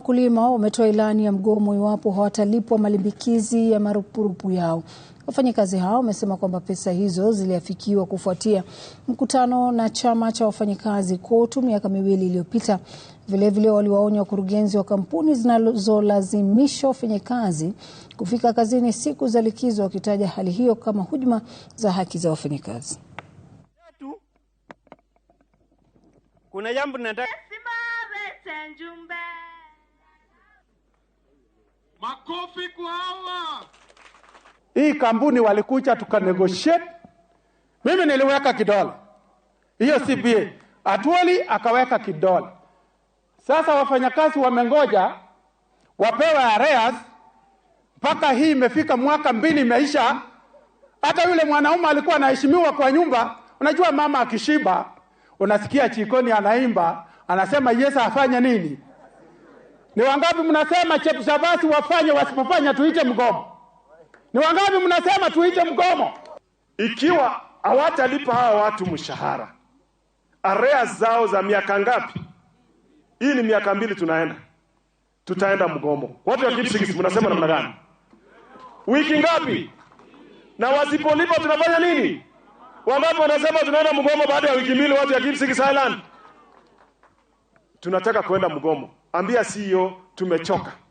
wakulima wametoa ilani ya mgomo iwapo hawatalipwa malimbikizi ya marupurupu yao. Wafanyakazi hao wamesema kwamba pesa hizo ziliafikiwa kufuatia mkutano na chama cha wafanyakazi KOTU miaka miwili iliyopita. Vilevile waliwaonya wakurugenzi wa kampuni zinazolazimisha wafanyakazi kufika kazini siku za likizo, wakitaja hali hiyo kama hujuma za haki za wafanyakazi. Kuna jambo nataka Makofi kwa hawa. Hii kampuni walikuja tukanegotiate. Mimi niliweka kidola hiyo CBA, Atwoli akaweka kidola. Sasa wafanyakazi wamengoja wapewe areas mpaka hii imefika mwaka mbili imeisha. Hata yule mwanaume alikuwa anaheshimiwa kwa nyumba. Unajua mama akishiba, unasikia chikoni anaimba, anasema Yesu afanye nini? Ni wangapi mnasema Chepsabasi wafanye, wasipofanya tuite mgomo? Ni wangapi mnasema tuite mgomo? Ikiwa hawatalipa hawa watu mshahara, area zao za miaka ngapi? Hii ni miaka mbili, tunaenda tutaenda mgomo. Watu wa Kipsigis mnasema namna gani? Wiki ngapi? Na wasipolipa tunafanya nini? Wangapi wanasema tunaenda mgomo baada ya wiki mbili? Watu ya Kipsigis Island tunataka kwenda mgomo, ambia CEO tumechoka.